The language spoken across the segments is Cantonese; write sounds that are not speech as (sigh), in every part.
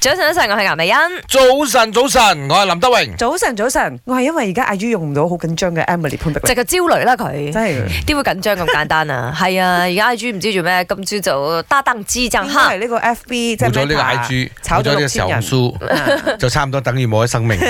早晨、啊，早晨，我係顏美欣。早晨，早晨，我係林德榮。早晨，早晨，我係因為而家 I G 用唔到好緊張嘅 Emily 潘碧薇，即係個焦慮啦佢。真係點會緊張咁簡單啊？係 (laughs) 啊，而家 I G 唔知做咩，今朝就打燈支爭因為呢個 F B 即係咩咗呢個 I G，炒咗呢個小紅書， (laughs) 就差唔多等於冇咗生命。 (laughs) (laughs) (laughs) o、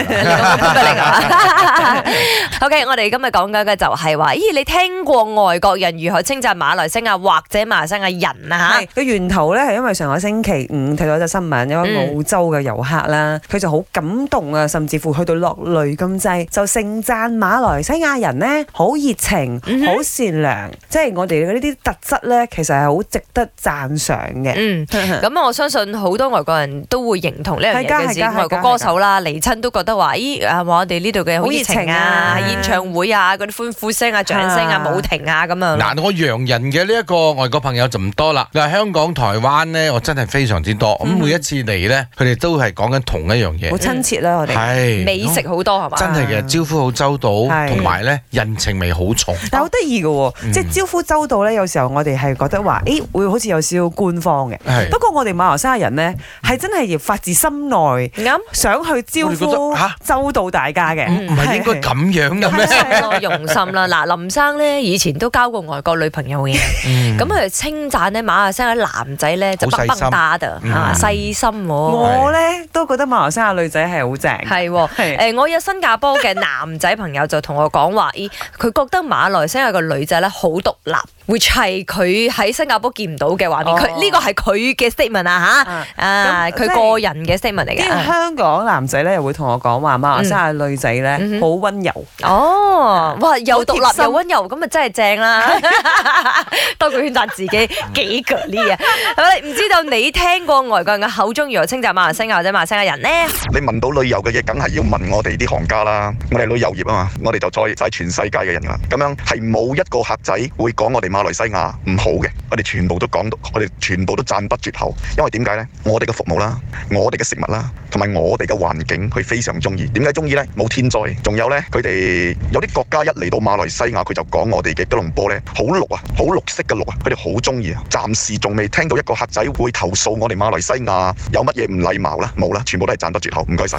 okay, K，我哋今日講緊嘅就係、是、話，咦、哎，你聽過外國人如何稱讚馬來西亞或者馬來西亞嘅人啊？吓，個、啊、源頭咧係因為上個星期五睇咗一隻新聞，嗯澳洲嘅遊客啦，佢就好感動啊，甚至乎去到落淚咁滯，就盛讚馬來西亞人呢好熱情、好善良，嗯、即係我哋呢啲特質呢，其實係好值得讚賞嘅。嗯，咁 (laughs) 我相信好多外國人都會認同這。呢家係外國歌手啦，嚟親都覺得話，咦、啊、我哋呢度嘅好熱情啊，熱情啊、嗯，演唱會啊，嗰啲歡呼聲啊、掌聲啊、舞停啊咁樣。嗱，我洋人嘅呢一個外國朋友就唔多啦，香港、台灣呢，我真係非常之多。咁、嗯、每一次嚟呢。佢哋都係講緊同一樣嘢，好親切啦！我哋係美食好多係嘛、啊？真係嘅招呼好周到，同埋咧人情味好重。但好得意嘅喎，即係招呼周到咧。有時候我哋係覺得話，誒、哎、會好似有少少官方嘅。不過我哋馬來西亞人咧，係、嗯、真係要發自心內咁、嗯、想去招呼、啊、周到大家嘅。唔唔係應該咁樣嘅咩？太用心啦！嗱、 (laughs) 呃，林生咧以前都交過外國女朋友嘅，咁佢哋稱讚咧馬來西亞的男仔咧就崩崩打的、嗯啊、細心喎。嗯啊我咧都覺得馬來西亞女仔係好正，係喎、哦。誒、欸，我有新加坡嘅男仔朋友就同我講話，佢 (laughs) 覺得馬來西亞個女仔咧好獨立 w h 佢喺新加坡見唔到嘅話。佢呢個係佢嘅 statement 啊嚇，啊佢、嗯、個人嘅 statement 嚟嘅。香港男仔咧又會同我講話，馬來西亞女仔咧好温柔。哦、嗯嗯啊，哇，又獨立又温柔，咁咪真係正啦！ (laughs) (laughs) 選擇自己幾句呢嘢，唔知道你聽過外國人嘅口中如何稱讚馬來西亞或者馬來西亞人呢？你問到旅遊嘅嘢，梗係要問我哋啲行家啦。我哋旅遊業啊嘛，我哋就再晒全世界嘅人啦。咁樣係冇一個客仔會講我哋馬來西亞唔好嘅，我哋全部都講到，我哋全部都讚不絕口。因為點解呢？我哋嘅服務啦，我哋嘅食物啦，同埋我哋嘅環境，佢非常中意。點解中意呢？冇天災，仲有呢，佢哋有啲國家一嚟到馬來西亞，佢就講我哋嘅吉隆坡呢，好綠啊，好綠色嘅綠。佢哋好鍾意啊！暫時仲未聽到一個客仔會投訴我哋馬來西亞有乜嘢唔禮貌啦，冇啦，全部都係讚得絕口，唔該晒。